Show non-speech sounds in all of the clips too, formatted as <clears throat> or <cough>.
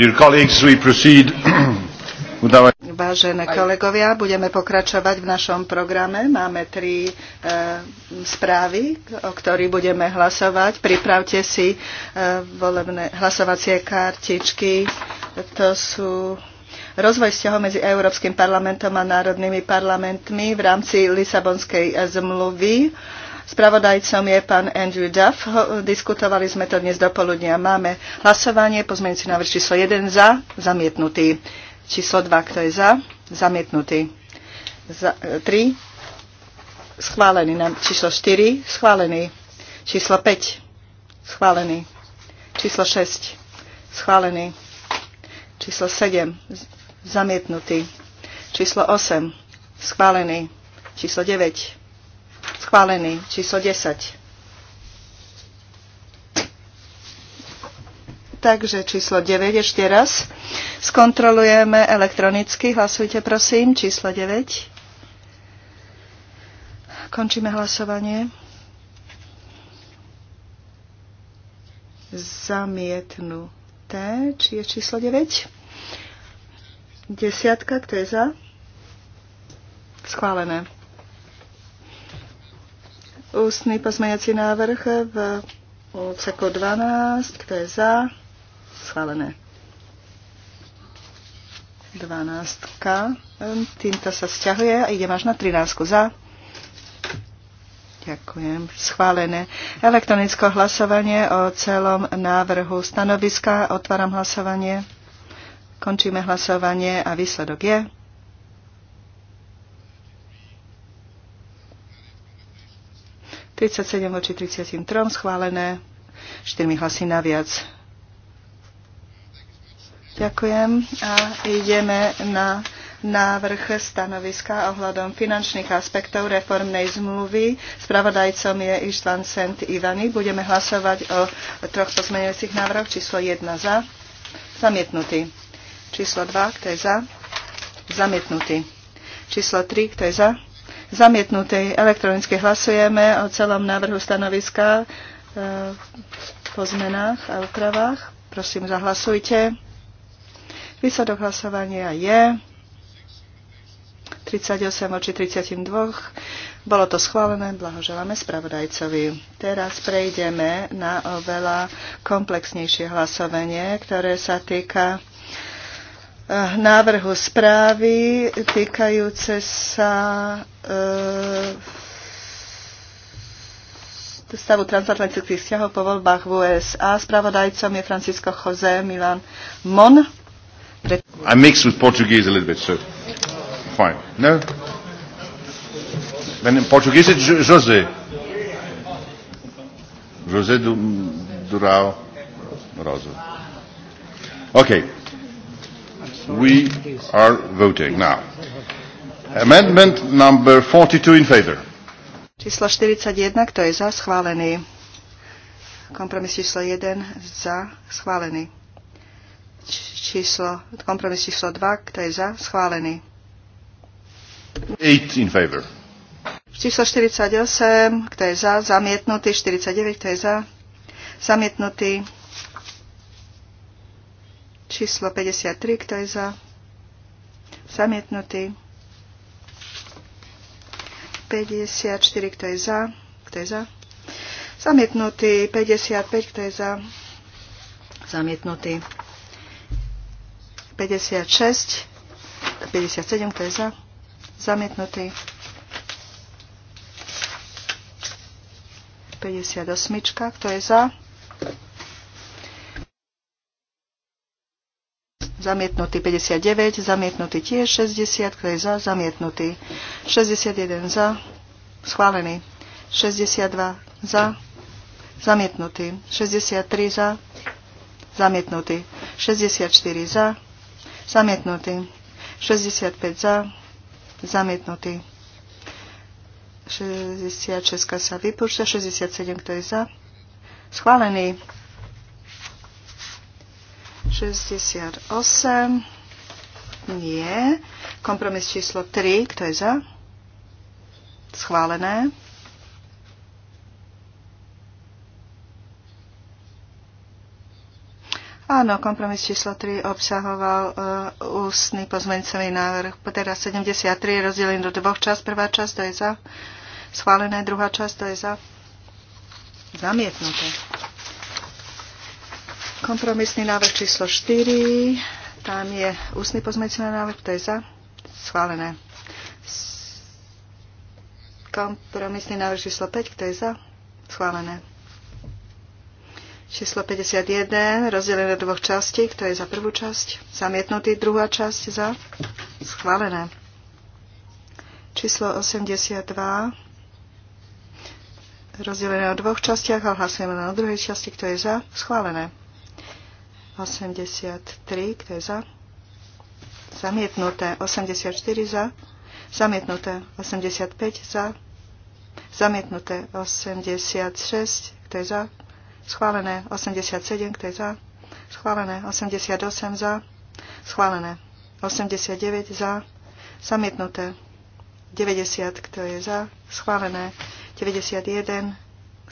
<clears throat> Vážené kolegovia, budeme pokračovať v našom programe. Máme tri e, správy, o ktorých budeme hlasovať. Pripravte si e, volebné hlasovacie kartičky. To sú rozvoj vzťahov medzi Európskym parlamentom a národnými parlamentmi v rámci Lisabonskej zmluvy. E, Spravodajcom je pán Andrew Duff. Diskutovali sme to dnes do poludnia. Máme hlasovanie. Pozmeňujúci návrh číslo 1 za, zamietnutý. Číslo 2, kto je za, zamietnutý. Za, 3, e, schválený. Číslo 4, schválený. Číslo 5, schválený. Číslo 6, schválený. Číslo 7, zamietnutý. Číslo 8, schválený. Číslo 9, Schválený. Číslo 10. Takže číslo 9 ešte raz. Skontrolujeme elektronicky. Hlasujte prosím. Číslo 9. Končíme hlasovanie. Zamietnuté. Či je číslo 9? Desiatka, kto je za? Schválené. Ústny pozmeňací návrh v odseku 12. Kto je za? Schválené. 12. Týmto sa sťahuje a ide až na 13. Za? Ďakujem. Schválené. Elektronické hlasovanie o celom návrhu stanoviska. Otváram hlasovanie. Končíme hlasovanie a výsledok je. 37 voči 33 schválené, 4 hlasy naviac. Ďakujem a ideme na návrh stanoviska ohľadom finančných aspektov reformnej zmluvy. Spravodajcom je Ištvan Sent Ivany. Budeme hlasovať o troch pozmeňujúcich návrhoch. Číslo 1 za. Zamietnutý. Číslo 2, kto je za? Zamietnutý. Číslo 3, kto je za? zamietnutý. Elektronicky hlasujeme o celom návrhu stanoviska e, po zmenách a úpravách. Prosím, zahlasujte. Výsledok hlasovania je 38 oči 32. Bolo to schválené, blahoželáme spravodajcovi. Teraz prejdeme na oveľa komplexnejšie hlasovanie, ktoré sa týka návrhu správy týkajúce sa e, stavu transatlantických vzťahov po voľbách v USA. Spravodajcom je Francisco José Milan Mon. I mix with Portuguese a little bit, so fine. No? Then in Portuguese it's José. José Durao Rosa. Okay. We are voting now. Amendment number 42 in favor. Číslo 41, kto je za, schválený. Kompromis číslo 1, za, schválený. Číslo, kompromis číslo 2, kto je za, schválený. 8 in favor. Číslo 48, kto je za, zamietnutý. 49, kto je za, zamietnutý. Číslo 53, kto je za? Zamietnutý. 54, kto je za? Kto je za? Zamietnutý. 55, kto je za? Zamietnutý. 56, 57, kto je za? Zamietnutý. 58, kto je za? zamietnutý 59, zamietnutý tiež 60, kto je za, zamietnutý 61 za, schválený 62 za, zamietnutý 63 za, zamietnutý 64 za, zamietnutý 65 za, zamietnutý 66 sa vypúšťa, 67 kto je za, schválený 68. Nie. Kompromis číslo 3. Kto je za? Schválené. Áno, kompromis číslo 3 obsahoval uh, ústny pozmeňcový návrh. Teraz 73 je rozdelený do dvoch časť. Prvá časť to je za. Schválené. Druhá časť to je za. Zamietnuté. Kompromisný návrh číslo 4. Tam je ústny pozmeňujúci návrh, kto je za? Schválené. Kompromisný návrh číslo 5, kto je za? Schválené. Číslo 51, rozdelené do dvoch častí. Kto je za prvú časť? Zamietnutý. Druhá časť za? Schválené. Číslo 82, rozdelené do dvoch častiach a hlasujeme len o druhej časti. Kto je za? Schválené. 83, kto je za? Zamietnuté 84 za. Zamietnuté 85 za. Zamietnuté 86, kto je za? Schválené 87, kto je za? Schválené 88 za. Schválené 89 za. Zamietnuté 90, kto je za? Schválené 91,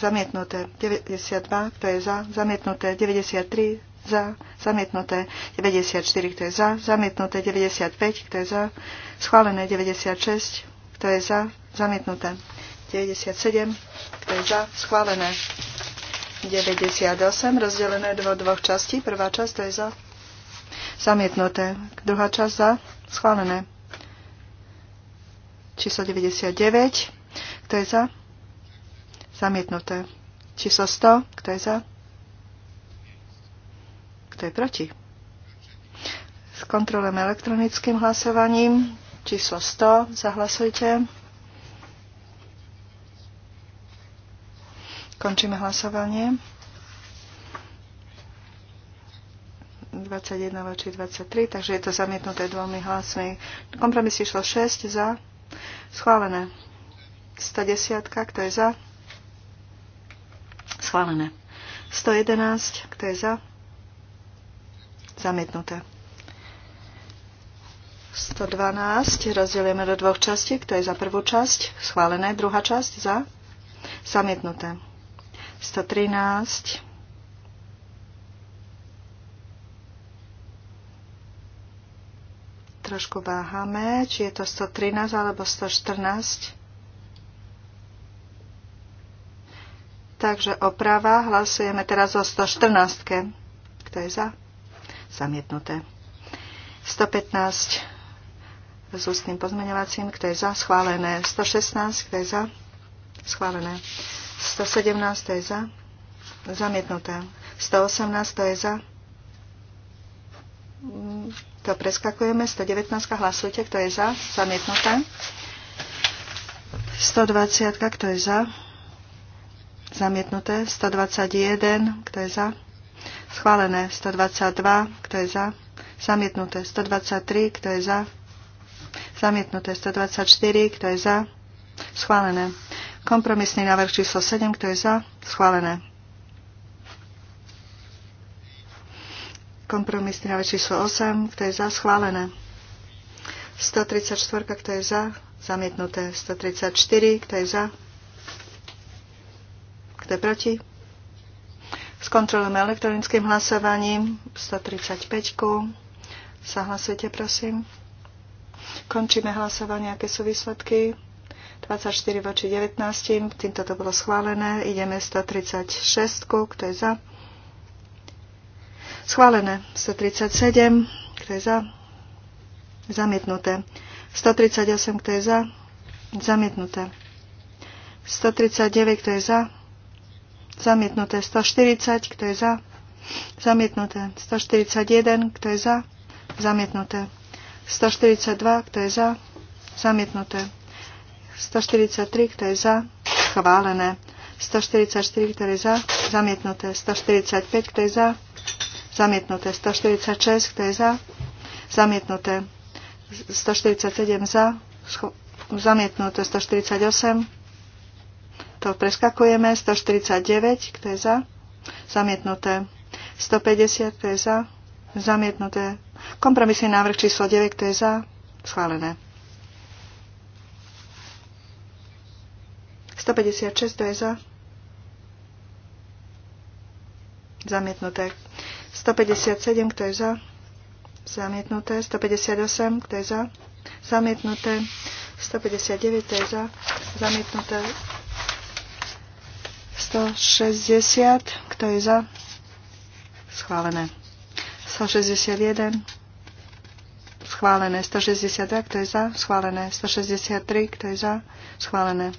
zamietnuté 92, kto je za? Zamietnuté 93, za, zamietnuté 94, kto je za, zamietnuté 95, kto je za, schválené 96, kto je za, zamietnuté 97, kto je za, schválené 98, rozdelené do dvoch častí, prvá časť, kto je za, zamietnuté, druhá časť za, schválené číslo 99, kto je za, zamietnuté číslo 100, kto je za, kto je proti? Skontrolujeme elektronickým hlasovaním. Číslo 100. Zahlasujte. Končíme hlasovanie. 21 voči 23, takže je to zamietnuté dvomi hlasmi. Kompromis išlo 6 za. Schválené. 110, kto je za? Schválené. 111, kto je za? zametnuté. 112 rozdelujeme do dvoch častí. Kto je za prvú časť? Schválené. Druhá časť za? Zamietnuté. 113 trošku váhame, či je to 113 alebo 114. Takže oprava, hlasujeme teraz o 114. Kto je za? zamietnuté. 115 s ústnym pozmeňovacím, kto je za, schválené. 116, kto je za, schválené. 117, kto je za, zamietnuté. 118, kto je za, to preskakujeme. 119, hlasujte, kto je za, zamietnuté. 120, kto je za, zamietnuté. 121, kto je za, Schválené 122, kto je za? Zamietnuté 123, kto je za? Zamietnuté 124, kto je za? Schválené. Kompromisný návrh číslo 7, kto je za? Schválené. Kompromisný návrh číslo 8, kto je za? Schválené. 134, kto je za? Zamietnuté. 134, kto je za? Kto je proti? Skontrolujeme elektronickým hlasovaním 135. Sa hlasujte, prosím. Končíme hlasovanie, aké sú výsledky. 24 voči 19, týmto to bolo schválené. Ideme 136, kto je za. Schválené 137, kto je za. Zamietnuté. 138, kto je za. Zamietnuté. 139, kto je za. Zamietnuté 140, kto je za? Zamietnuté 141, kto je za? Zamietnuté 142, kto je za? Zamietnuté 143, kto je za? Schválené 144, kto je za? Zamietnuté 145, kto je za? Zamietnuté 146, kto je za? Zamietnuté 147 za? Zamietnuté 148 to preskakujeme. 149, kto je za? Zamietnuté. 150, kto je za? Zamietnuté. Kompromisný návrh číslo 9, kto je za? Schválené. 156, kto je za? Zamietnuté. 157, kto je za? Zamietnuté. 158, kto je za? Zamietnuté. 159, kto je za? Zamietnuté. 160, kto je za? Schválené. 161, schválené. 162, kto je za? Schválené. 163, kto je za? Schválené.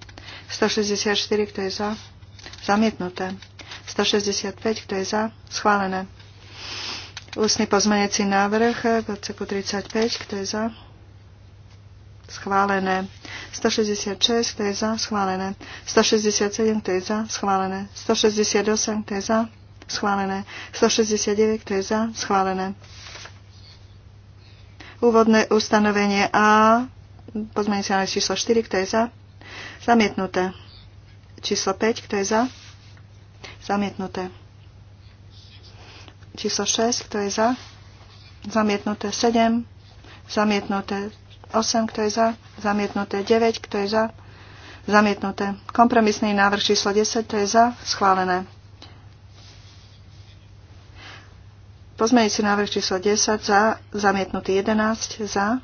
164, kto je za? Zamietnuté. 165, kto je za? Schválené. Ústny pozmeniaci návrh v odseku 35, kto je za? Schválené. 166, kto je za, schválené. 167, kto je za, schválené. 168, kto je za, schválené. 169, kto je za, schválené. Úvodné ustanovenie A, pozmenie sa na číslo 4, kto je za, zamietnuté. Číslo 5, kto je za, zamietnuté. Číslo 6, kto je za, zamietnuté. 7, zamietnuté. 8, kto je za, zamietnuté 9, kto je za, zamietnuté. Kompromisný návrh číslo 10, to je za, schválené. Pozmeňujúci návrh číslo 10 za, zamietnutý 11 za.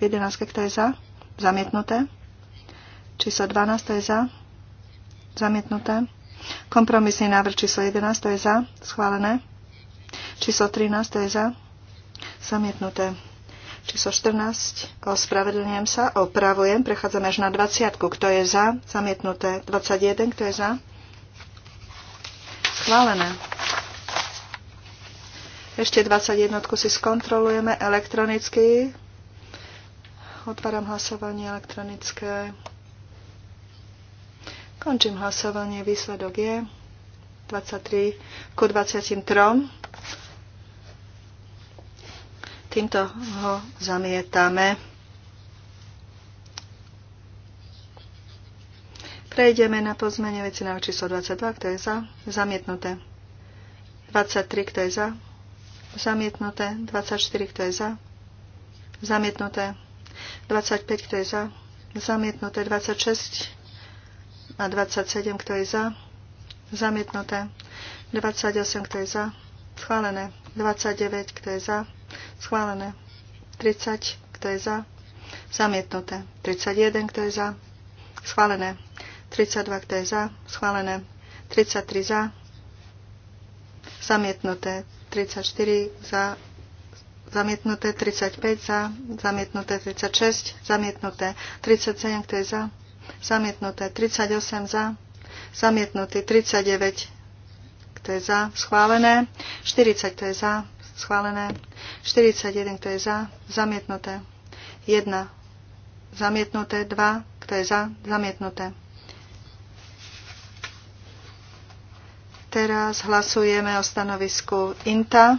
11, kto je za? Zamietnuté. Číslo 12, to je za. Zamietnuté. Kompromisný návrh číslo 11, to je za. Schválené. Číslo 13, to je za. Zamietnuté. Číslo 14. Ospravedlňujem sa. Opravujem. Prechádzame až na 20. Kto je za? Zamietnuté. 21. Kto je za? Schválené. Ešte 21 si skontrolujeme elektronicky. Otváram hlasovanie elektronické. Končím hlasovanie. Výsledok je 23 ku 23. Týmto ho zamietame. Prejdeme na veci na číslo 22, kto je za, zamietnuté. 23, kto je za, zamietnuté. 24, kto je za, zamietnuté. 25, kto je za, zamietnuté. 26 a 27, kto je za, zamietnuté. 28, kto je za, schválené. 29, kto je za, Schválené. 30, kto je za? Zamietnuté. 31, kto je za? Schválené. 32, kto je za? Schválené. 33 za. Zamietnuté. 34 za. Zamietnuté. 35 za. Zamietnuté. 36. Zamietnuté. 37, kto je za? Zamietnuté. 38 za. Zamietnuté. 39, kto je za? Schválené. 40, kto je za? schválené. 41, kto je za, zamietnuté. 1, zamietnuté. 2, kto je za, zamietnuté. Teraz hlasujeme o stanovisku INTA.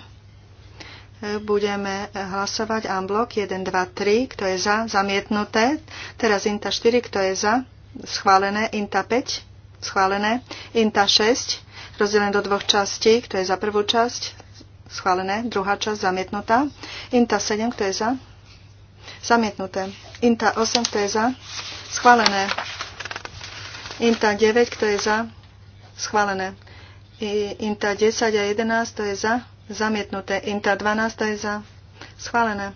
Budeme hlasovať AMBLOK 1, 2, 3, kto je za, zamietnuté. Teraz INTA 4, kto je za, schválené. INTA 5, schválené. INTA 6, rozdelené do dvoch častí, kto je za prvú časť, Schválené. Druhá časť zamietnutá. Inta 7, kto je za? Zamietnuté. Inta 8, kto je za? Schválené. Inta 9, kto je za? Schválené. Inta 10 a 11, to je za? Zamietnuté. Inta 12, to je za? Schválené.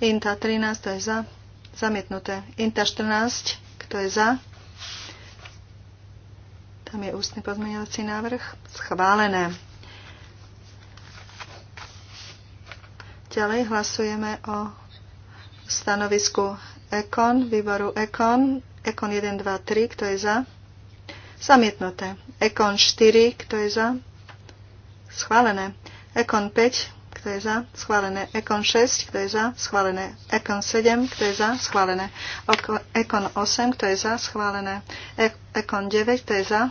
Inta 13, to je za? Zamietnuté. Inta 14, kto je za? Tam je ústny pozmeňovací návrh. Schválené. Ďalej hlasujeme o stanovisku Ekon, výboru Ekon. Ekon 1, 2, 3, kto je za? Zamietnuté. Ekon 4, kto je za? Schválené. Ekon 5, kto je za? Schválené. Ekon 6, kto je za? Schválené. Ekon 7, e, kto je za? Schválené. Ekon 8, kto je za? Schválené. Ekon 9, kto je za?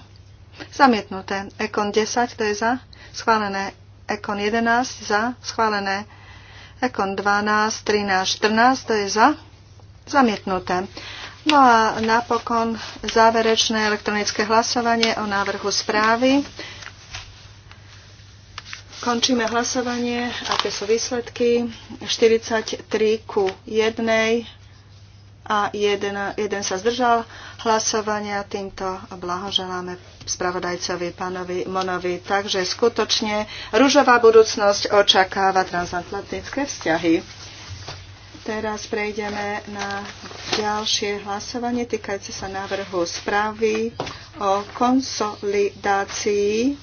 Zamietnuté. Ekon 10, kto je za? Schválené. Ekon 11, za? Schválené. Ekon 12, 13, 14, to je za. Zamietnuté. No a napokon záverečné elektronické hlasovanie o návrhu správy. Končíme hlasovanie. Aké sú výsledky? 43 ku 1 a jeden, jeden sa zdržal hlasovania. Týmto blahoželáme spravodajcovi pánovi Monovi. Takže skutočne rúžová budúcnosť očakáva transatlantické vzťahy. Teraz prejdeme na ďalšie hlasovanie týkajúce sa návrhu správy o konsolidácii.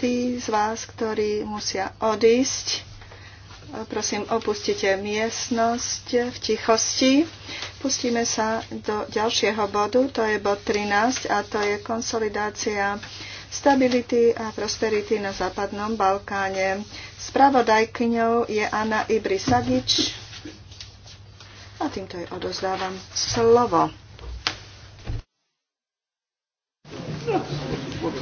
Tí z vás, ktorí musia odísť, Prosím, opustite miestnosť v tichosti. Pustíme sa do ďalšieho bodu, to je bod 13 a to je konsolidácia stability a prosperity na Západnom Balkáne. Spravodajkňou je Anna Ibrisagič a týmto jej odozdávam slovo. No, what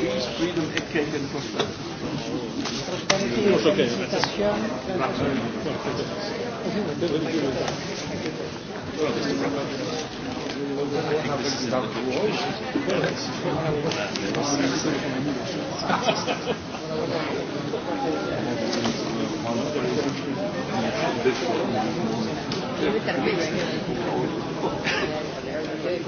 Wie ist Freedom Eckcake and Prosperity? Prosperity Thank you. <laughs> Thank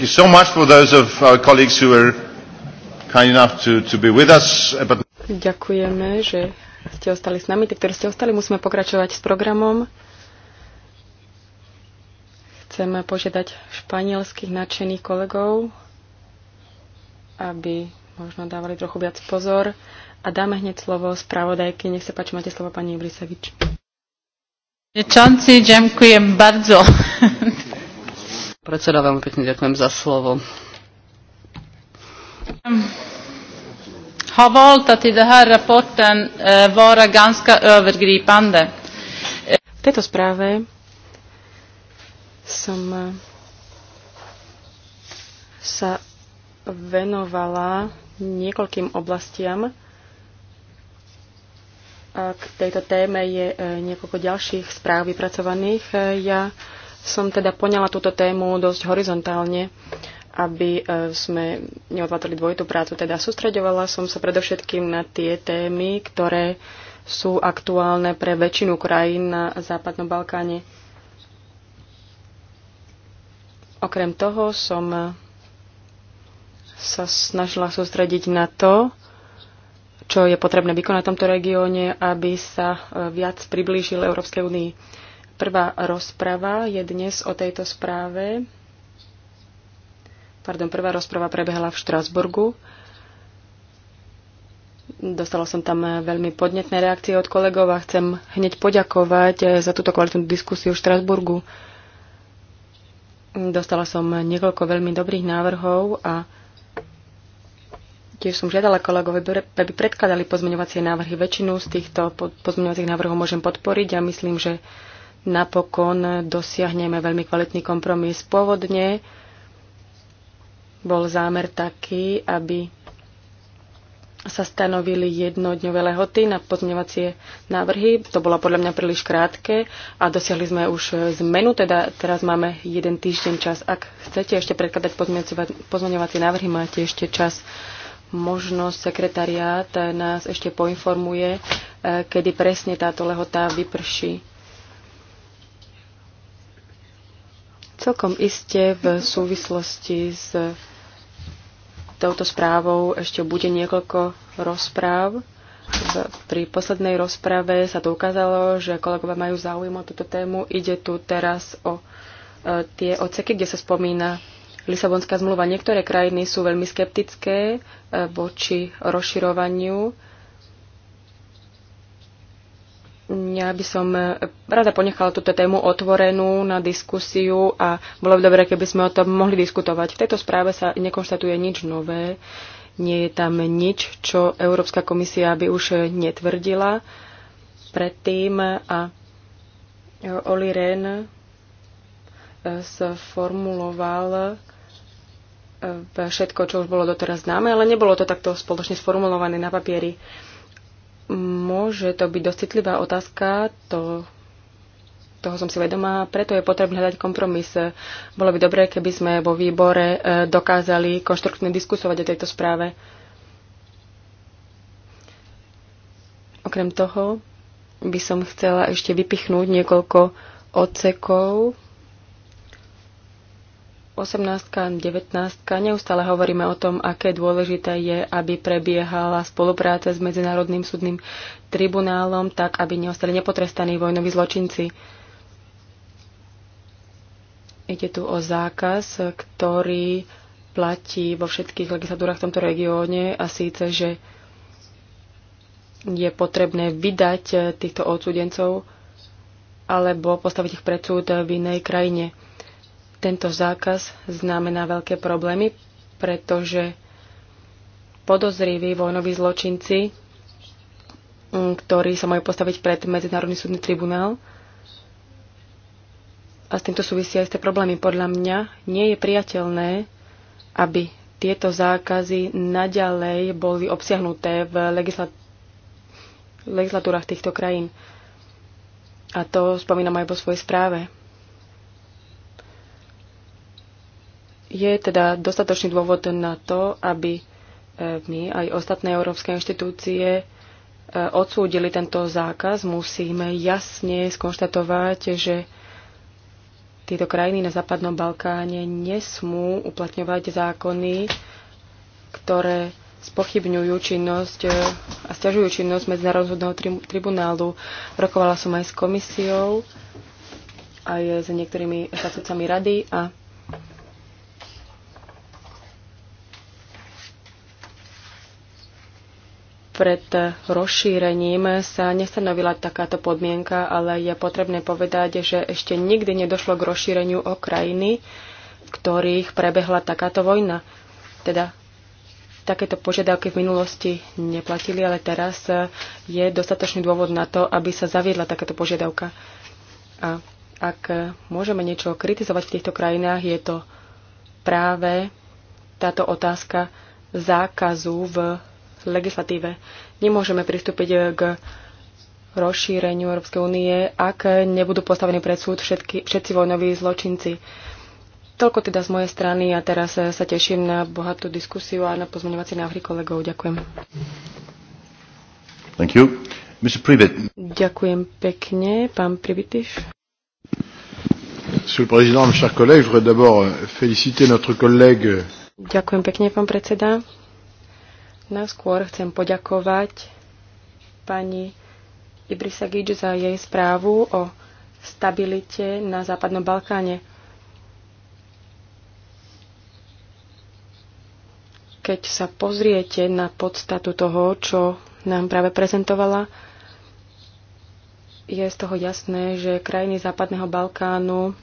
you so much for those of our colleagues who were kind enough to, to be with us. But... Ďakujeme, že ste ostali s nami. Tí, ktorí ste ostali, musíme pokračovať s programom. Chcem požiadať španielských nadšených kolegov, aby možno dávali trochu viac pozor. A dáme hneď slovo spravodajky. Nech sa páči, máte slovo pani Ibrisevič. Čanci, ďakujem bardzo. Predseda, veľmi pekne ďakujem za slovo har valt att i den här rapporten eh, vara ganska övergripande. V tejto správe som eh, sa venovala niekoľkým oblastiam. A k tejto téme je eh, niekoľko ďalších správ vypracovaných. Eh, ja som teda poňala túto tému dosť horizontálne. Uh, aby e, sme neodvádzali dvojitú prácu. Teda sústredovala som sa predovšetkým na tie témy, ktoré sú aktuálne pre väčšinu krajín na Západnom Balkáne. Okrem toho som sa snažila sústrediť na to, čo je potrebné vykonať v tomto regióne, aby sa e, viac priblížil Európskej únii. Prvá rozprava je dnes o tejto správe Pardon, prvá rozprava prebehla v Štrasburgu. Dostala som tam veľmi podnetné reakcie od kolegov a chcem hneď poďakovať za túto kvalitnú diskusiu v Štrasburgu. Dostala som niekoľko veľmi dobrých návrhov a Tiež som žiadala kolegov, aby predkladali pozmeňovacie návrhy. Väčšinu z týchto pozmeňovacích návrhov môžem podporiť a myslím, že napokon dosiahneme veľmi kvalitný kompromis. Pôvodne bol zámer taký, aby sa stanovili jednodňové lehoty na pozmeňovacie návrhy. To bolo podľa mňa príliš krátke a dosiahli sme už zmenu, teda teraz máme jeden týždeň čas. Ak chcete ešte predkladať pozmeňovacie návrhy, máte ešte čas. Možno sekretariát nás ešte poinformuje, e, kedy presne táto lehota vyprší. Celkom iste v súvislosti s touto správou ešte bude niekoľko rozpráv. Pri poslednej rozprave sa to ukázalo, že kolegovia majú záujem o túto tému. Ide tu teraz o e, tie odseky, kde sa spomína Lisabonská zmluva. Niektoré krajiny sú veľmi skeptické e, voči rozširovaniu ja by som e, rada ponechala túto tému otvorenú na diskusiu a bolo by dobre, keby sme o tom mohli diskutovať. V tejto správe sa nekonštatuje nič nové, nie je tam nič, čo Európska komisia by už netvrdila predtým a Oli Ren e, sformuloval e, všetko, čo už bolo doteraz známe, ale nebolo to takto spoločne sformulované na papieri že to byť dosť citlivá otázka, to, toho som si vedomá, preto je potrebné hľadať kompromis. Bolo by dobré, keby sme vo výbore e, dokázali konštruktívne diskusovať o tejto správe. Okrem toho by som chcela ešte vypichnúť niekoľko odsekov, 18 19 neustále hovoríme o tom, aké dôležité je, aby prebiehala spolupráca s Medzinárodným súdnym tribunálom, tak aby neostali nepotrestaní vojnoví zločinci. Ide tu o zákaz, ktorý platí vo všetkých legislatúrach v tomto regióne a síce, že je potrebné vydať týchto odsudencov alebo postaviť ich pred súd v inej krajine. Tento zákaz znamená veľké problémy, pretože podozriví vojnoví zločinci, mm, ktorí sa majú postaviť pred Medzinárodný súdny tribunál, a s týmto súvisia aj isté problémy. Podľa mňa nie je priateľné, aby tieto zákazy naďalej boli obsiahnuté v legislatúrach týchto krajín. A to spomínam aj po svojej správe. Je teda dostatočný dôvod na to, aby e, my aj ostatné európske inštitúcie e, odsúdili tento zákaz, musíme jasne skonštatovať, že tieto krajiny na Západnom Balkáne nesmú uplatňovať zákony, ktoré spochybňujú činnosť e, a stiažujú činnosť Medzinárodného tribunálu. Rokovala som aj s komisiou, aj s niektorými zástupcami rady a pred rozšírením sa nestanovila takáto podmienka, ale je potrebné povedať, že ešte nikdy nedošlo k rozšíreniu o krajiny, v ktorých prebehla takáto vojna. Teda takéto požiadavky v minulosti neplatili, ale teraz je dostatočný dôvod na to, aby sa zaviedla takáto požiadavka. A ak môžeme niečo kritizovať v týchto krajinách, je to práve táto otázka zákazu v legislatíve. Nemôžeme pristúpiť eh, k rozšíreniu Európskej únie, ak nebudú postavení pred súd všetky, všetci vojnoví zločinci. Toľko teda z mojej strany a teraz eh, sa teším na bohatú diskusiu a na pozmeňovacie návrhy kolegov. Ďakujem. Thank you. Mr. Privet. Ďakujem pekne, pán Privitiš. Monsieur le Président, mes chers collègues, je voudrais d'abord féliciter notre collègue. Ďakujem pekne, pán predseda. Najskôr chcem poďakovať pani Ibrisagič za jej správu o stabilite na Západnom Balkáne. Keď sa pozriete na podstatu toho, čo nám práve prezentovala, je z toho jasné, že krajiny Západného Balkánu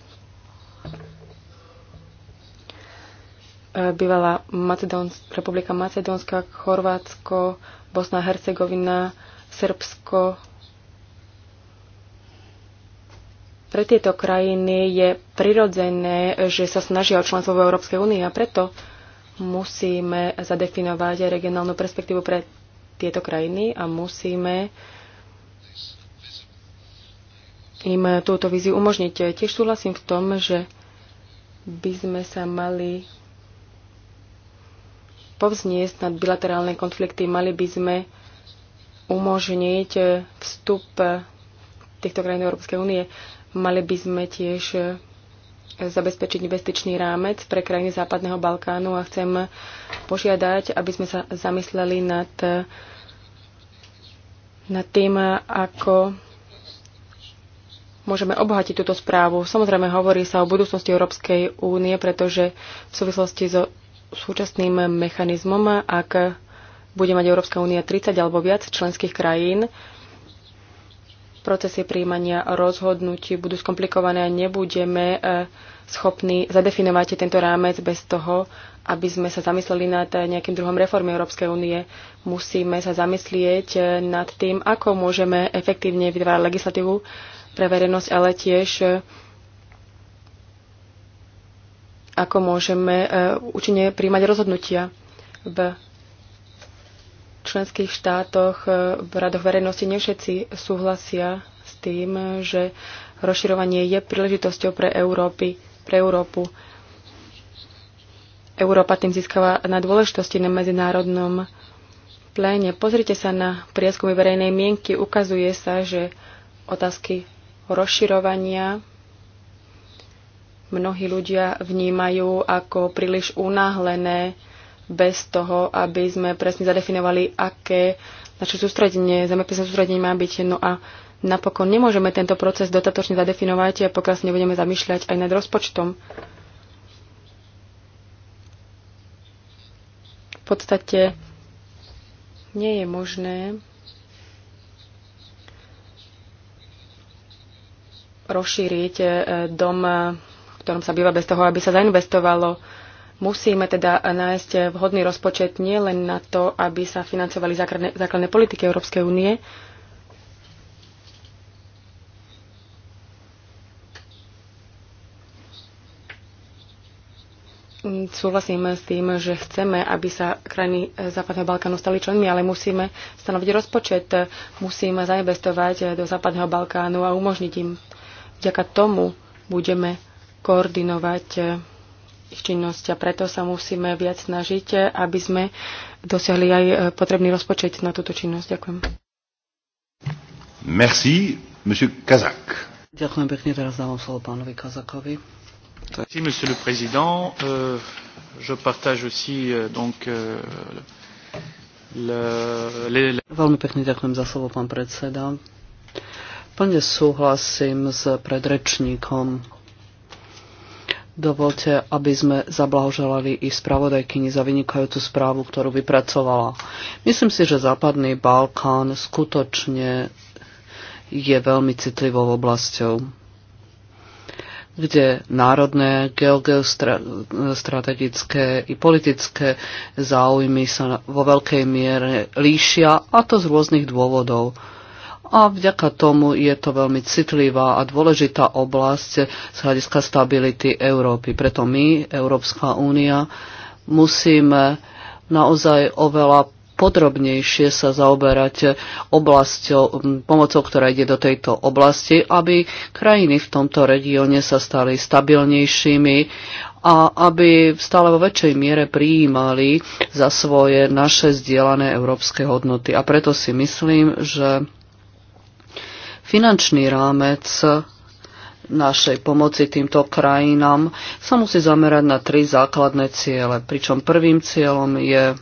E, bývala Macedóns, republika Macedónska, Chorvátsko, Bosna a Hercegovina, Srbsko. Pre tieto krajiny je prirodzené, že sa snažia o členstvo v Európskej únii a preto musíme zadefinovať regionálnu perspektívu pre tieto krajiny a musíme im túto víziu umožniť. Tiež súhlasím v tom, že by sme sa mali povzniesť nad bilaterálne konflikty. Mali by sme umožniť eh, vstup eh, týchto krajín Európskej únie. Mali by sme tiež eh, zabezpečiť investičný rámec pre krajiny Západného Balkánu a chcem požiadať, aby sme sa zamysleli nad, nad tým, ako môžeme obohatiť túto správu. Samozrejme, hovorí sa o budúcnosti Európskej únie, pretože v súvislosti so súčasným mechanizmom, ak bude mať Európska únia 30 alebo viac členských krajín, procesy príjmania rozhodnutí budú skomplikované a nebudeme e, schopní zadefinovať tento rámec bez toho, aby sme sa zamysleli nad nejakým druhom reformy Európskej únie. Musíme sa zamyslieť e, nad tým, ako môžeme efektívne vytvárať legislatívu pre verejnosť, ale tiež e, ako môžeme e, účinne príjmať rozhodnutia v členských štátoch, e, v radoch verejnosti. Nevšetci súhlasia s tým, že rozširovanie je príležitosťou pre, Európy, pre Európu. Európa tým získava na dôležitosti na medzinárodnom pléne. Pozrite sa na prieskumy verejnej mienky. Ukazuje sa, že otázky rozširovania mnohí ľudia vnímajú ako príliš unáhlené bez toho, aby sme presne zadefinovali, aké naše sústredenie, zemepisné sústredenie má byť. No a napokon nemôžeme tento proces dostatočne zadefinovať, pokiaľ si nebudeme zamýšľať aj nad rozpočtom. V podstate nie je možné rozšíriť eh, dom ktorom sa býva bez toho, aby sa zainvestovalo. Musíme teda nájsť vhodný rozpočet nielen na to, aby sa financovali základné, základné politiky Európskej únie, súhlasíme s tým, že chceme, aby sa krajiny Západného Balkánu stali členmi, ale musíme stanoviť rozpočet, musíme zainvestovať do Západného Balkánu a umožniť im. Vďaka tomu budeme koordinovať eh, ich činnosť a preto sa musíme viac snažiť, eh, aby sme dosiahli aj eh, potrebný rozpočet na túto činnosť. Ďakujem. Merci, monsieur Kazak. Ďakujem pekne, teraz dávam slovo pánovi Kazakovi. Merci, monsieur le président. Euh, je partage aussi euh, donc euh, le, le, le... Veľmi pekne ďakujem za slovo, pán predseda. Plne súhlasím s predrečníkom Dovolte, aby sme zablahoželali i spravodajkyni za vynikajúcu správu, ktorú vypracovala. Myslím si, že Západný Balkán skutočne je veľmi citlivou oblasťou, kde národné, geostrategické i politické záujmy sa vo veľkej miere líšia, a to z rôznych dôvodov a vďaka tomu je to veľmi citlivá a dôležitá oblasť z hľadiska stability Európy. Preto my, Európska únia, musíme naozaj oveľa podrobnejšie sa zaoberať oblasťou, pomocou, ktorá ide do tejto oblasti, aby krajiny v tomto regióne sa stali stabilnejšími a aby stále vo väčšej miere prijímali za svoje naše zdieľané európske hodnoty. A preto si myslím, že Finančný rámec našej pomoci týmto krajinám sa musí zamerať na tri základné ciele, pričom prvým cieľom je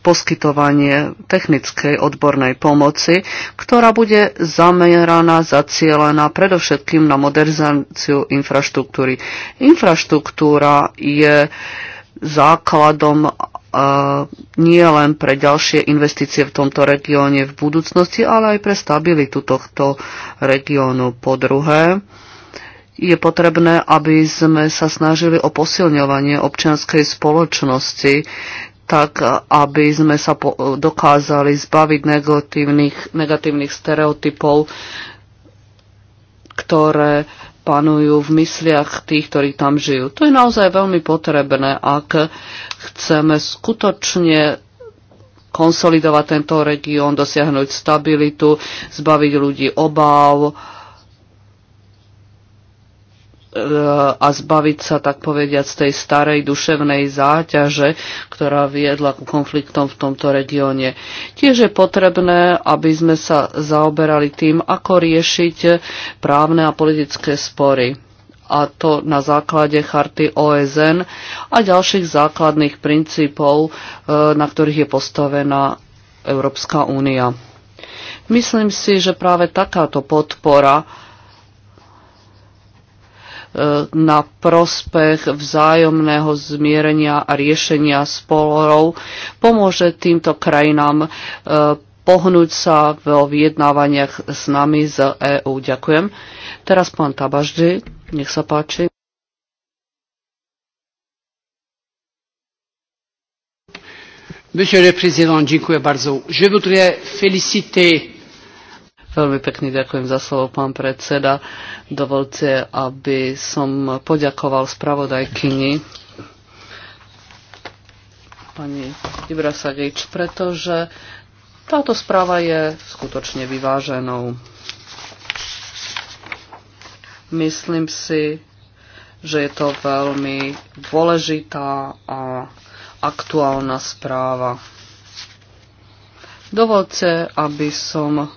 poskytovanie technickej odbornej pomoci, ktorá bude zameraná, zacielená predovšetkým na modernizáciu infraštruktúry. Infraštruktúra je základom nie len pre ďalšie investície v tomto regióne v budúcnosti, ale aj pre stabilitu tohto regiónu. Po druhé, je potrebné, aby sme sa snažili o posilňovanie občianskej spoločnosti, tak aby sme sa dokázali zbaviť negatívnych, negatívnych stereotypov, ktoré panujú v mysliach tých, ktorí tam žijú. To je naozaj veľmi potrebné, ak chceme skutočne konsolidovať tento región, dosiahnuť stabilitu, zbaviť ľudí obáv, a zbaviť sa, tak povediať, z tej starej duševnej záťaže, ktorá viedla ku konfliktom v tomto regióne. Tiež je potrebné, aby sme sa zaoberali tým, ako riešiť právne a politické spory a to na základe charty OSN a ďalších základných princípov, e, na ktorých je postavená Európska únia. Myslím si, že práve takáto podpora na prospech vzájomného zmierenia a riešenia sporov, pomôže týmto krajinám e, pohnúť sa vo vyjednávaniach s nami z EÚ. Ďakujem. Teraz pán Tabaždy, nech sa páči. Monsieur le Président, dziękuję bardzo. Je voudrais féliciter Veľmi pekne ďakujem za slovo, pán predseda. Dovolte, aby som poďakoval spravodajkyni pani Ibrasagič, pretože táto správa je skutočne vyváženou. Myslím si, že je to veľmi dôležitá a aktuálna správa. Dovolte, aby som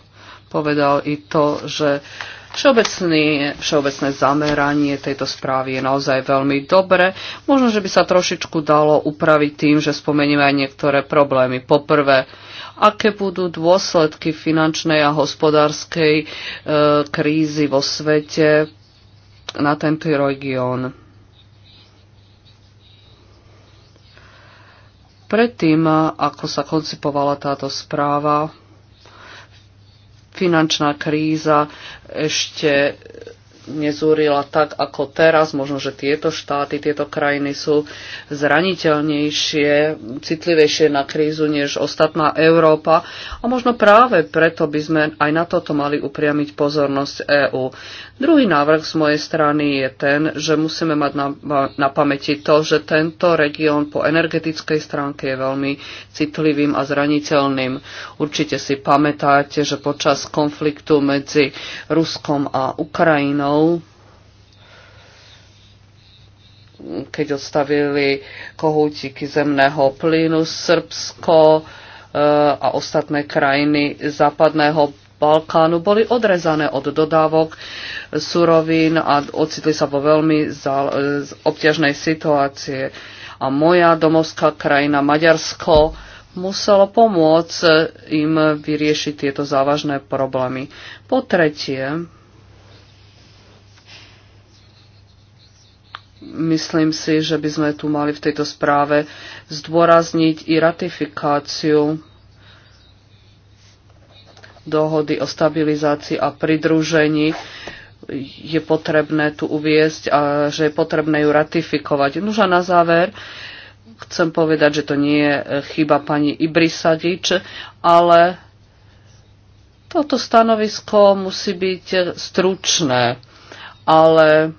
povedal i to, že Všeobecný, všeobecné zameranie tejto správy je naozaj veľmi dobre. Možno, že by sa trošičku dalo upraviť tým, že spomenieme aj niektoré problémy. Poprvé, aké budú dôsledky finančnej a hospodárskej e, krízy vo svete na tento región. Predtým, ako sa koncipovala táto správa, finančná kríza ešte nezúrila tak ako teraz. Možno, že tieto štáty, tieto krajiny sú zraniteľnejšie, citlivejšie na krízu než ostatná Európa a možno práve preto by sme aj na toto mali upriamiť pozornosť EÚ. Druhý návrh z mojej strany je ten, že musíme mať na, na pamäti to, že tento región po energetickej stránke je veľmi citlivým a zraniteľným. Určite si pamätáte, že počas konfliktu medzi Ruskom a Ukrajinou Čínou, keď odstavili kohútiky zemného plynu Srbsko e, a ostatné krajiny západného Balkánu boli odrezané od dodávok surovín a ocitli sa vo veľmi e, obťažnej situácie. A moja domovská krajina Maďarsko muselo pomôcť im vyriešiť tieto závažné problémy. Po tretie, myslím si, že by sme tu mali v tejto správe zdôrazniť i ratifikáciu dohody o stabilizácii a pridružení. Je potrebné tu uviesť a že je potrebné ju ratifikovať. Nož a na záver chcem povedať, že to nie je chyba pani Ibrisadič, ale toto stanovisko musí byť stručné, ale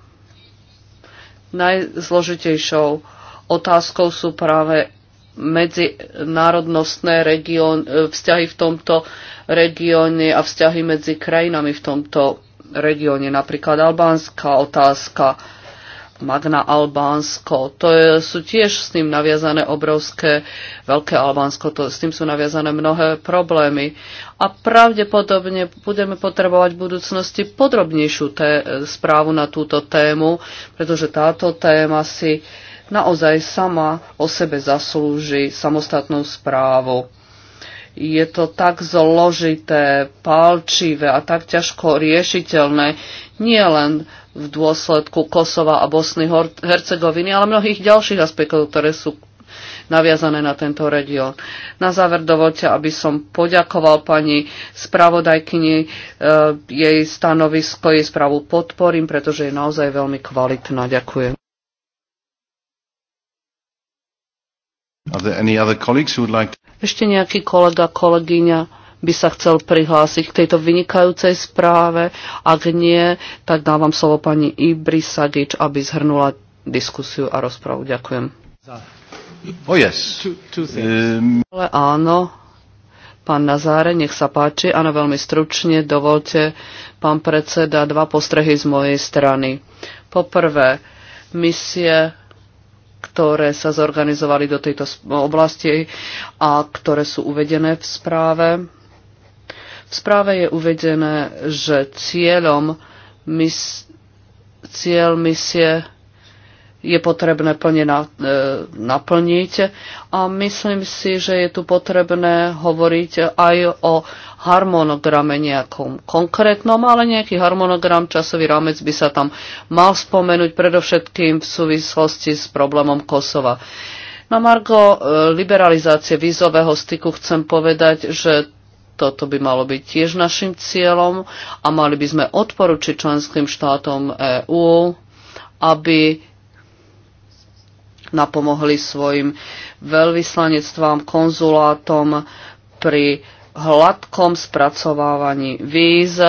Najzložitejšou otázkou sú práve medzinárodnostné region, vzťahy v tomto regióne a vzťahy medzi krajinami v tomto regióne, napríklad albánska otázka, Magna Albánsko. To je, sú tiež s tým naviazané obrovské, veľké Albánsko, to, s tým sú naviazané mnohé problémy. A pravdepodobne budeme potrebovať v budúcnosti podrobnejšiu té, e, správu na túto tému, pretože táto téma si naozaj sama o sebe zaslúži samostatnú správu je to tak zložité, palčivé a tak ťažko riešiteľné, nie len v dôsledku Kosova a Bosny Hercegoviny, ale mnohých ďalších aspektov, ktoré sú naviazané na tento región. Na záver dovolte, aby som poďakoval pani spravodajkyni, e, jej stanovisko, jej správu podporím, pretože je naozaj veľmi kvalitná. Ďakujem. Like to... Ešte nejaký kolega, kolegyňa by sa chcel prihlásiť k tejto vynikajúcej správe. Ak nie, tak dávam slovo pani Ibri Sagič, aby zhrnula diskusiu a rozpravu. Ďakujem. Oh yes. Two, two um... Ale áno, pán Nazáre, nech sa páči. Áno, veľmi stručne, dovolte, pán predseda, dva postrehy z mojej strany. Poprvé, misie ktoré sa zorganizovali do tejto oblasti a ktoré sú uvedené v správe. V správe je uvedené, že cieľom mis- cieľ misie je potrebné plne na, e, naplniť a myslím si, že je tu potrebné hovoriť aj o harmonograme nejakom konkrétnom, ale nejaký harmonogram, časový rámec by sa tam mal spomenúť predovšetkým v súvislosti s problémom Kosova. Na Margo e, liberalizácie vízového styku chcem povedať, že toto by malo byť tiež našim cieľom a mali by sme odporučiť členským štátom EÚ, aby napomohli svojim veľvyslanectvám, konzulátom pri hladkom spracovávaní víz,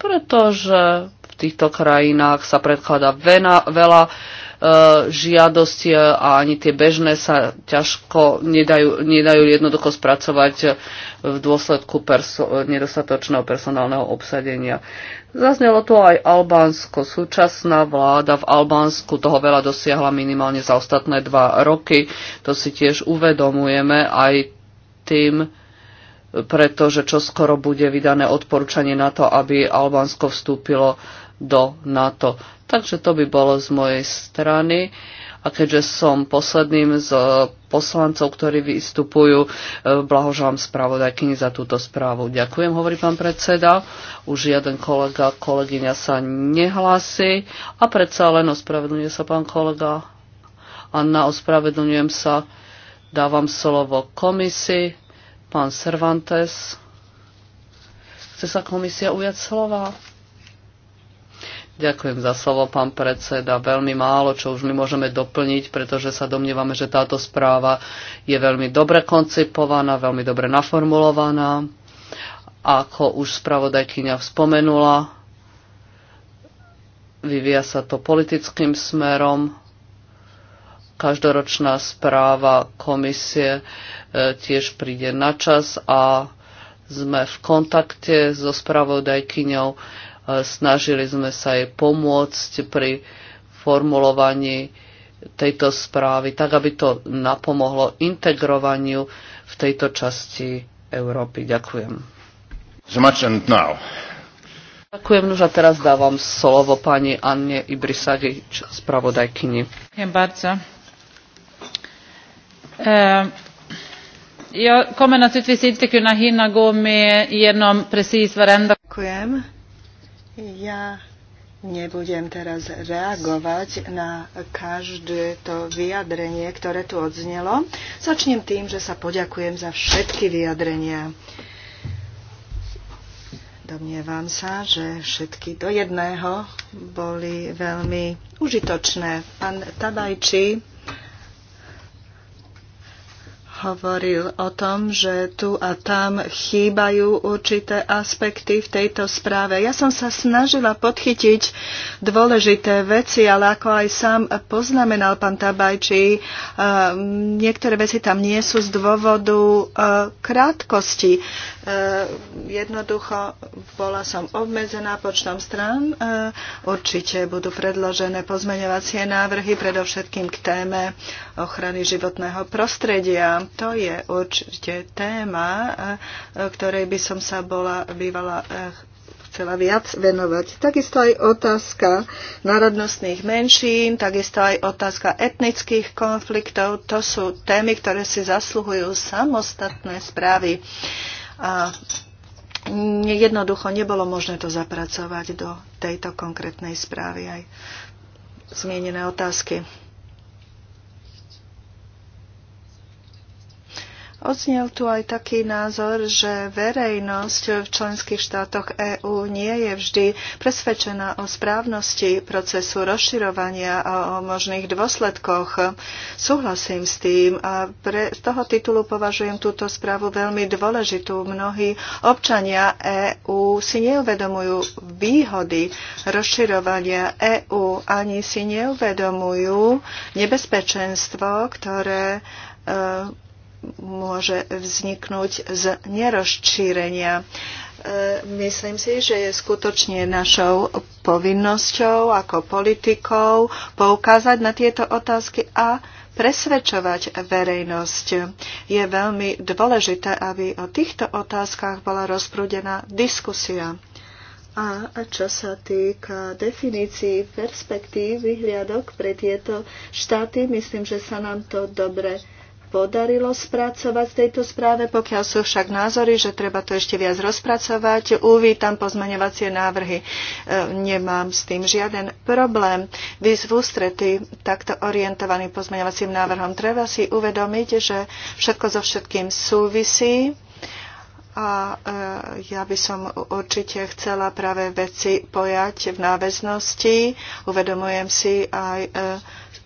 pretože v týchto krajinách sa predkladá veľa, veľa Eh, žiadosti eh, a ani tie bežné sa ťažko nedajú, nedajú jednoducho spracovať eh, v dôsledku perso- nedostatočného personálneho obsadenia. Zaznelo to aj Albánsko. Súčasná vláda v Albánsku toho veľa dosiahla minimálne za ostatné dva roky. To si tiež uvedomujeme aj tým, pretože čoskoro bude vydané odporúčanie na to, aby Albánsko vstúpilo do NATO. Takže to by bolo z mojej strany. A keďže som posledným z poslancov, ktorí vystupujú, e, blahoželám spravodajkyni za túto správu. Ďakujem, hovorí pán predseda. Už jeden kolega, kolegyňa sa nehlási. A predsa len ospravedlňuje sa pán kolega. Anna, ospravedlňujem sa. Dávam slovo komisi. Pán Cervantes. Chce sa komisia ujať slova? Ďakujem za slovo, pán predseda. Veľmi málo, čo už my môžeme doplniť, pretože sa domnievame, že táto správa je veľmi dobre koncipovaná, veľmi dobre naformulovaná. Ako už spravodajkyňa vzpomenula, vyvíja sa to politickým smerom. Každoročná správa komisie e, tiež príde na čas a sme v kontakte so spravodajkyňou Snažili sme sa jej pomôcť pri formulovaní tejto správy, tak aby to napomohlo integrovaniu v tejto časti Európy. Ďakujem. So much and now. Ďakujem, no a teraz dávam slovo pani Anne Ibrisadič, spravodajkyni. Ďakujem bardzo. Uh, ehm, jag kommer naturligtvis inte kunna hinna gå med genom precis varenda... Ďakujem. Ja nebudem teraz reagovať na každé to vyjadrenie, ktoré tu odznelo. Začnem tým, že sa poďakujem za všetky vyjadrenia. Domnievam sa, že všetky do jedného boli veľmi užitočné. Pán Tabajči hovoril o tom, že tu a tam chýbajú určité aspekty v tejto správe. Ja som sa snažila podchytiť dôležité veci, ale ako aj sám poznamenal pán Tabajčí, eh, niektoré veci tam nie sú z dôvodu eh, krátkosti. Eh, jednoducho bola som obmedzená počtom strán. Určite budú predložené pozmeňovacie návrhy, predovšetkým k téme ochrany životného prostredia. To je určite téma, eh, ktorej by som sa bola bývala eh, chcela viac venovať. Takisto aj otázka národnostných menšín, takisto aj otázka etnických konfliktov. To sú témy, ktoré si zasluhujú samostatné správy. A jednoducho nebolo možné to zapracovať do tejto konkrétnej správy aj zmienené otázky. Odznel tu aj taký názor, že verejnosť v členských štátoch EÚ nie je vždy presvedčená o správnosti procesu rozširovania a o možných dôsledkoch. Súhlasím s tým a pre, z toho titulu považujem túto správu veľmi dôležitú. Mnohí občania EÚ si neuvedomujú výhody rozširovania EÚ, ani si neuvedomujú nebezpečenstvo, ktoré e, môže vzniknúť z nerozčírenia. E, myslím si, že je skutočne našou povinnosťou ako politikov poukázať na tieto otázky a presvedčovať verejnosť. Je veľmi dôležité, aby o týchto otázkach bola rozprúdená diskusia. A čo sa týka definícií perspektív, vyhliadok pre tieto štáty, myslím, že sa nám to dobre podarilo spracovať v tejto správe. Pokiaľ sú však názory, že treba to ešte viac rozpracovať, uvítam pozmaňovacie návrhy. E, nemám s tým žiaden problém. Vys strety ústrety takto orientovaným pozmaňovacím návrhom treba si uvedomiť, že všetko so všetkým súvisí a e, ja by som určite chcela práve veci pojať v náväznosti. Uvedomujem si aj e,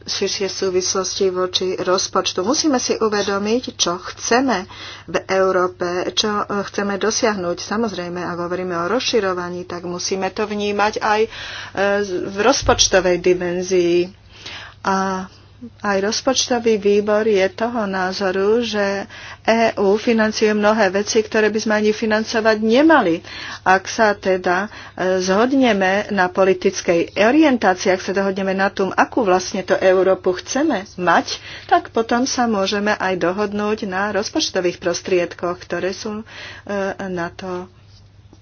širšie súvislosti voči rozpočtu. Musíme si uvedomiť, čo chceme v Európe, čo e, chceme dosiahnuť. Samozrejme, ak hovoríme o rozširovaní, tak musíme to vnímať aj e, v rozpočtovej dimenzii. A aj rozpočtový výbor je toho názoru, že EÚ financuje mnohé veci, ktoré by sme ani financovať nemali. Ak sa teda e, zhodneme na politickej orientácii, ak sa dohodneme na tom, akú vlastne to Európu chceme mať, tak potom sa môžeme aj dohodnúť na rozpočtových prostriedkoch, ktoré sú e, na to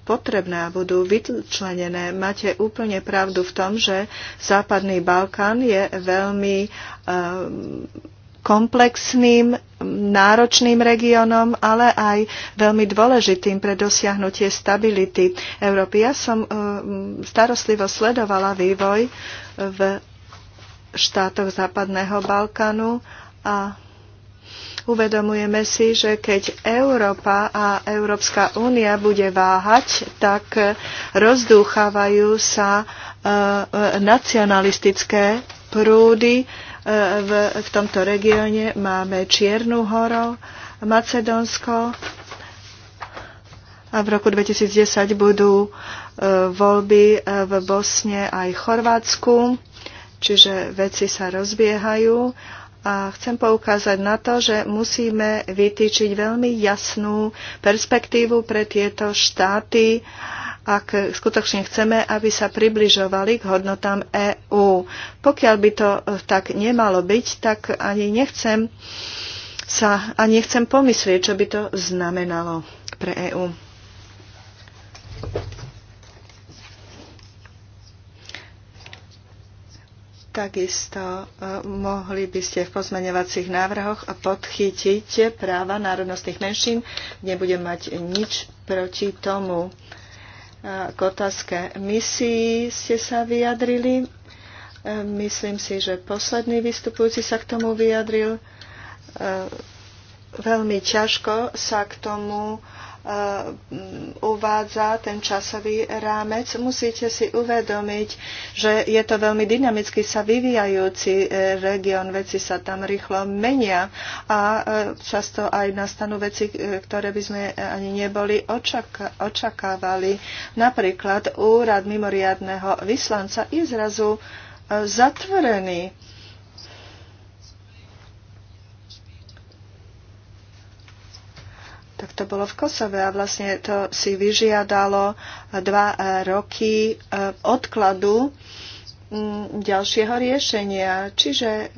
potrebné a budú vyčlenené. Máte úplne pravdu v tom, že Západný Balkán je veľmi eh, komplexným, náročným regiónom, ale aj veľmi dôležitým pre dosiahnutie stability Európy. Ja som eh, starostlivo sledovala vývoj v štátoch Západného Balkánu a Uvedomujeme si, že keď Európa a Európska únia bude váhať, tak rozdúchávajú sa eh, nacionalistické prúdy. Eh, v, tomto regióne máme Čiernu horu, Macedónsko a v roku 2010 budú eh, voľby v Bosne aj Chorvátsku, čiže veci sa rozbiehajú a chcem poukázať na to, že musíme vytýčiť veľmi jasnú perspektívu pre tieto štáty, ak skutočne chceme, aby sa približovali k hodnotám EÚ. Pokiaľ by to e, tak nemalo byť, tak ani nechcem sa ani nechcem pomyslieť, čo by to znamenalo pre EÚ. Takisto e, mohli by ste v pozmeňovacích návrhoch podchytiť práva národnostných menšín. Nebudem mať nič proti tomu. E, k otázke misií ste sa vyjadrili. E, myslím si, že posledný vystupujúci sa k tomu vyjadril. Veľmi ťažko sa k tomu uh, E, uvádza ten časový rámec, musíte si uvedomiť, že je to veľmi dynamicky sa vyvíjajúci e, región, veci sa tam rýchlo menia a e, často aj nastanú veci, ktoré by sme ani neboli očakávali. Napríklad úrad mimoriadného vyslanca je zrazu zatvorený tak to bolo v Kosove a vlastne to si vyžiadalo dva e, roky e, odkladu ďalšieho riešenia. Čiže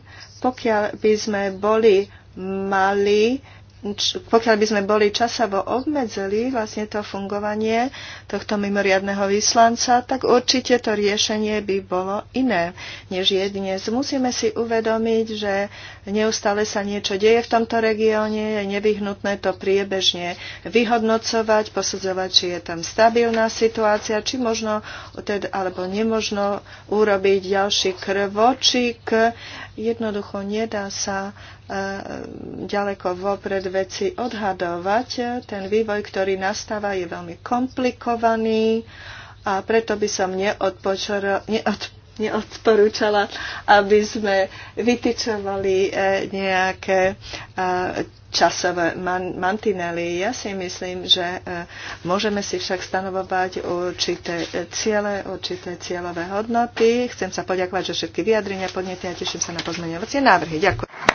pokiaľ by sme boli mali pokiaľ by sme boli časovo obmedzili vlastne to fungovanie tohto mimoriadného vyslanca, tak určite to riešenie by bolo iné, než je dnes. Musíme si uvedomiť, že neustále sa niečo deje v tomto regióne, je nevyhnutné to priebežne vyhodnocovať, posudzovať, či je tam stabilná situácia, či možno teda, alebo nemožno urobiť ďalší krvočík. Jednoducho nedá sa ďaleko vopred veci odhadovať. Ten vývoj, ktorý nastáva, je veľmi komplikovaný a preto by som neodpočoro, neodporúčala, aby sme vytyčovali e, nejaké e, časové mantinely. Ja si myslím, že e, môžeme si však stanovovať určité ciele, určité cieľové hodnoty. Chcem sa poďakovať za všetky vyjadrenia, podnety a teším sa na pozmeňovacie návrhy. Ďakujem.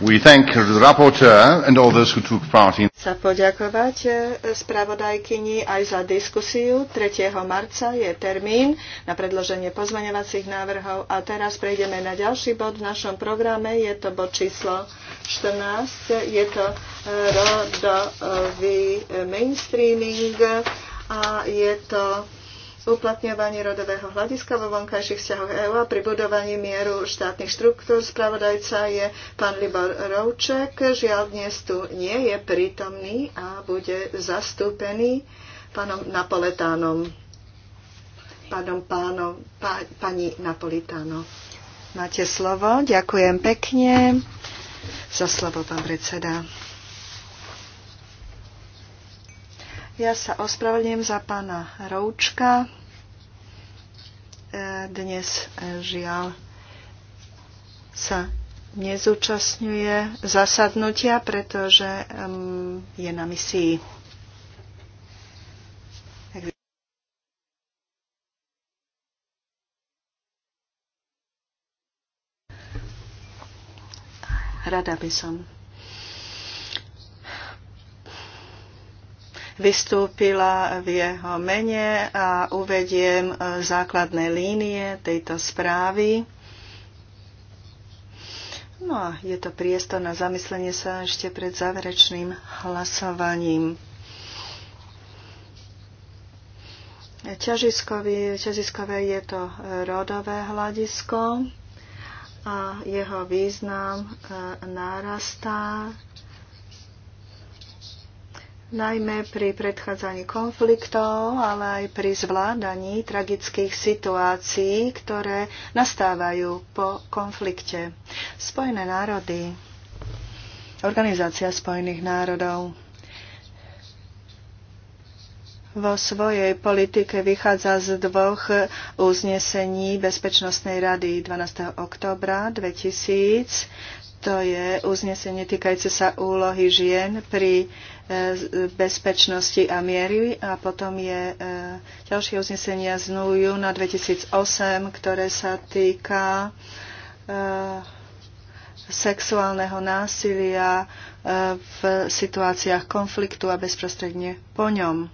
We thank the rapporteur and all those who took part in... Sa poďakovať e, spravodajkyni aj za diskusiu. 3. marca je termín na predloženie pozvaňovacích návrhov a teraz prejdeme na ďalší bod v našom programe. Je to bod číslo 14. Je to e, rodový e, mainstreaming a je to uplatňovanie rodového hľadiska vo vonkajších vzťahoch EÚ a pri budovaní mieru štátnych štruktúr. Spravodajca je pán Libor Rouček. Žiaľ, dnes tu nie je prítomný a bude zastúpený pánom Napoletánom. Pánom pánom, pá, pani Napolitáno. Máte slovo. Ďakujem pekne za slovo, pán predseda. Ja sa ospravedlňujem za pána Roučka. E, dnes e, žiaľ sa nezúčastňuje zasadnutia, pretože je na misii. Rada by som vystúpila v jeho mene a uvediem e, základné línie tejto správy. No a je to priestor na zamyslenie sa ešte pred záverečným hlasovaním. Ťažiskové, ťažiskové je to rodové hľadisko a jeho význam e, narastá najmä pri predchádzaní konfliktov, ale aj pri zvládaní tragických situácií, ktoré nastávajú po konflikte. Spojené národy, Organizácia Spojených národov vo svojej politike vychádza z dvoch uznesení Bezpečnostnej rady 12. oktobra 2000 to je uznesenie týkajúce sa úlohy žien pri e, bezpečnosti a miery a potom je e, ďalšie uznesenie z júna 2008, ktoré sa týka e, sexuálneho násilia v situáciách konfliktu a bezprostredne po ňom.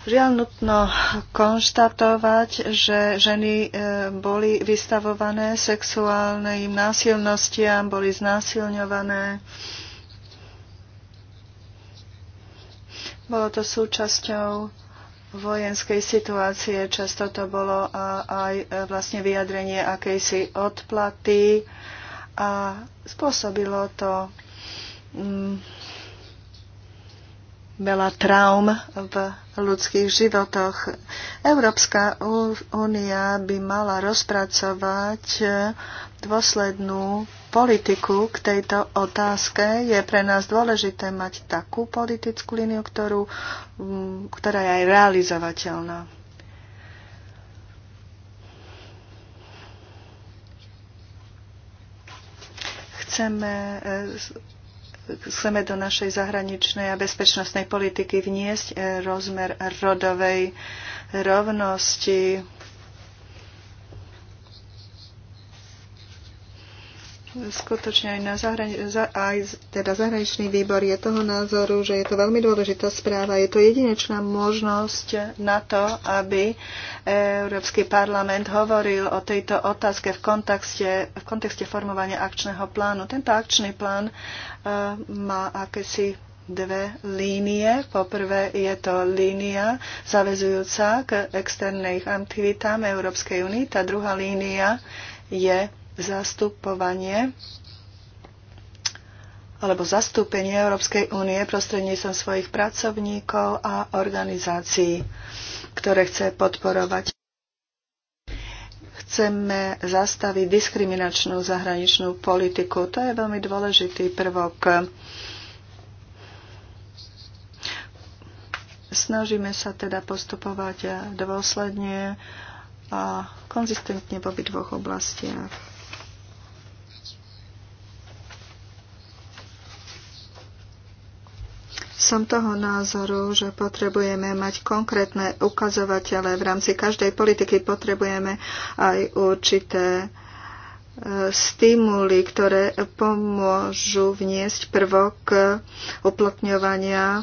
Žiaľ nutno konštatovať, že ženy e, boli vystavované sexuálnym násilnostiam, boli znásilňované. Bolo to súčasťou vojenskej situácie, často to bolo aj e, vlastne vyjadrenie akejsi odplaty a spôsobilo to mm, veľa traum v ľudských životoch. Európska únia by mala rozpracovať dôslednú politiku k tejto otázke. Je pre nás dôležité mať takú politickú líniu, ktorú, mm, ktorá je aj realizovateľná. chceme e, chceme do našej zahraničnej a bezpečnostnej politiky vniesť eh, rozmer rodovej rovnosti skutočne aj, na zahrani- za- aj teda zahraničný výbor je toho názoru, že je to veľmi dôležitá správa. Je to jedinečná možnosť na to, aby Európsky parlament hovoril o tejto otázke v kontexte, v kontexte formovania akčného plánu. Tento akčný plán e, má akési dve línie. Poprvé je to línia zavezujúca k externých aktivitám Európskej únie. Tá druhá línia je zastupovanie alebo zastúpenie Európskej únie prostredníctvom svojich pracovníkov a organizácií, ktoré chce podporovať. Chceme zastaviť diskriminačnú zahraničnú politiku. To je veľmi dôležitý prvok. Snažíme sa teda postupovať dôsledne a konzistentne v obidvoch oblastiach. som toho názoru, že potrebujeme mať konkrétne ukazovatele. V rámci každej politiky potrebujeme aj určité e, stimuly, ktoré pomôžu vniesť prvok uplatňovania e,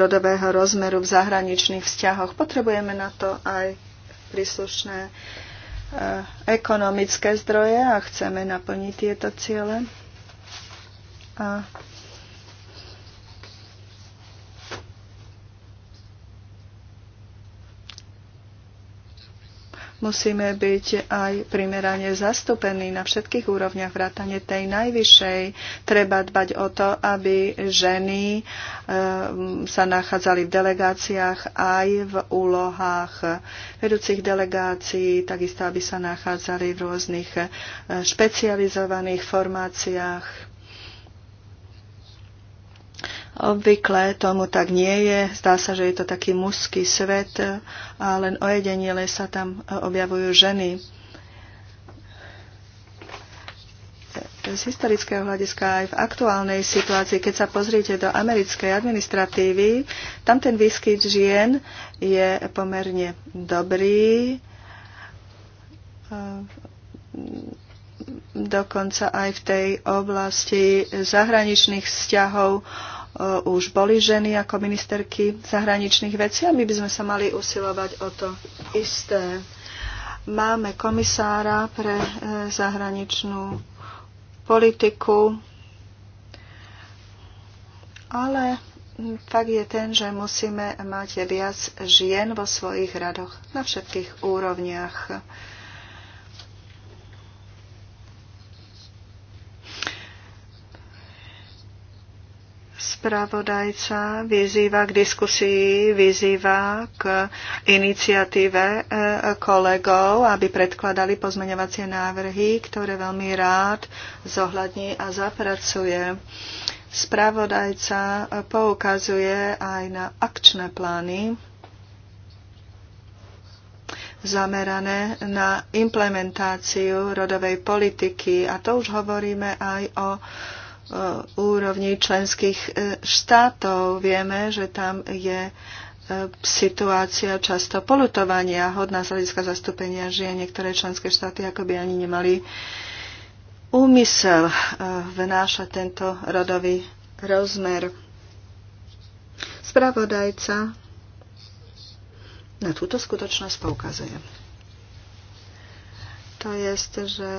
rodového rozmeru v zahraničných vzťahoch. Potrebujeme na to aj príslušné e, ekonomické zdroje a chceme naplniť tieto ciele. A musíme byť aj primerane zastúpení na všetkých úrovniach vrátane tej najvyššej. Treba dbať o to, aby ženy ehm, sa nachádzali v delegáciách aj v úlohách vedúcich delegácií, takisto aby sa nachádzali v rôznych eh, špecializovaných formáciách Obvykle tomu tak nie je. Zdá sa, že je to taký mužský svet a len ojedenile sa tam e, objavujú ženy. Z historického hľadiska aj v aktuálnej situácii, keď sa pozriete do americkej administratívy, tam ten výskyt žien je pomerne dobrý e, dokonca aj v tej oblasti zahraničných vzťahov Eh, už boli ženy ako ministerky zahraničných vecí a my by sme sa mali usilovať o to isté. Máme komisára pre eh, zahraničnú politiku, ale fakt je ten, že musíme mať viac žien vo svojich radoch na všetkých úrovniach Spravodajca vyzýva k diskusii, vyzýva k iniciatíve e, kolegov, aby predkladali pozmeňovacie návrhy, ktoré veľmi rád zohľadní a zapracuje. Spravodajca poukazuje aj na akčné plány zamerané na implementáciu rodovej politiky. A to už hovoríme aj o E, úrovni členských e, štátov. Vieme, že tam je e, situácia často polutovania, hodná z hľadiska zastúpenia žien. Niektoré členské štáty akoby ani nemali úmysel vnášať tento rodový rozmer. Spravodajca na túto skutočnosť poukazuje to je, že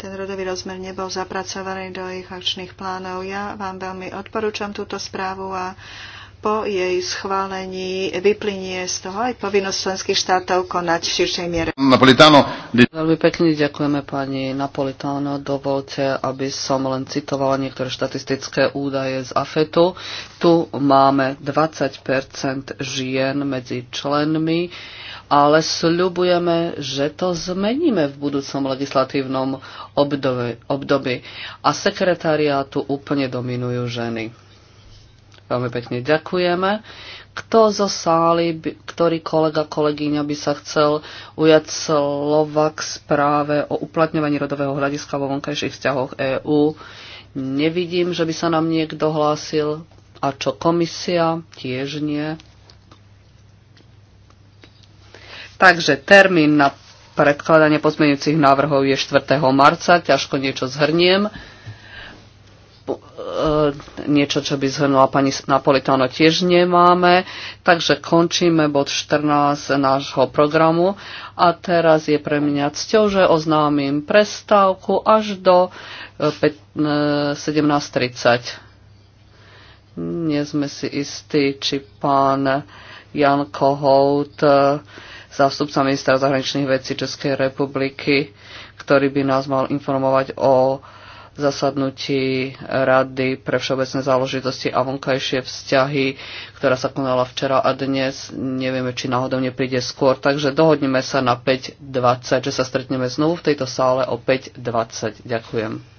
ten rodový rozmer nebol zapracovaný do ich akčných plánov. Ja vám veľmi odporúčam túto správu a po jej schválení vyplynie z toho aj povinnosť členských štátov konať v širšej miere. Napolitano. Veľmi pekne ďakujeme pani Napolitano. Dovolte, aby som len citovala niektoré štatistické údaje z AFETu. Tu máme 20 žien medzi členmi ale sľubujeme, že to zmeníme v budúcom legislatívnom období. A sekretariátu úplne dominujú ženy. Veľmi pekne ďakujeme. Kto zo sály, ktorý kolega, kolegyňa by sa chcel ujať slova k správe o uplatňovaní rodového hľadiska vo vonkajších vzťahoch EÚ? Nevidím, že by sa nám niekto hlásil. A čo komisia? Tiež nie. Takže termín na predkladanie pozmeňujúcich návrhov je 4. marca, ťažko niečo zhrniem. E, niečo, čo by zhrnula pani Napolitano, tiež nemáme. Takže končíme bod 14 nášho programu. A teraz je pre mňa cťou, že oznámim prestávku až do 17.30. E, e, Nie sme si istí, či pán Jan Kohout uh, zástupca ministra zahraničných vecí Českej republiky, ktorý by nás mal informovať o zasadnutí Rady pre všeobecné záležitosti a vonkajšie vzťahy, ktorá sa konala včera a dnes. Nevieme, či náhodou nepríde skôr, takže dohodneme sa na 5.20, že sa stretneme znovu v tejto sále o 5.20. Ďakujem.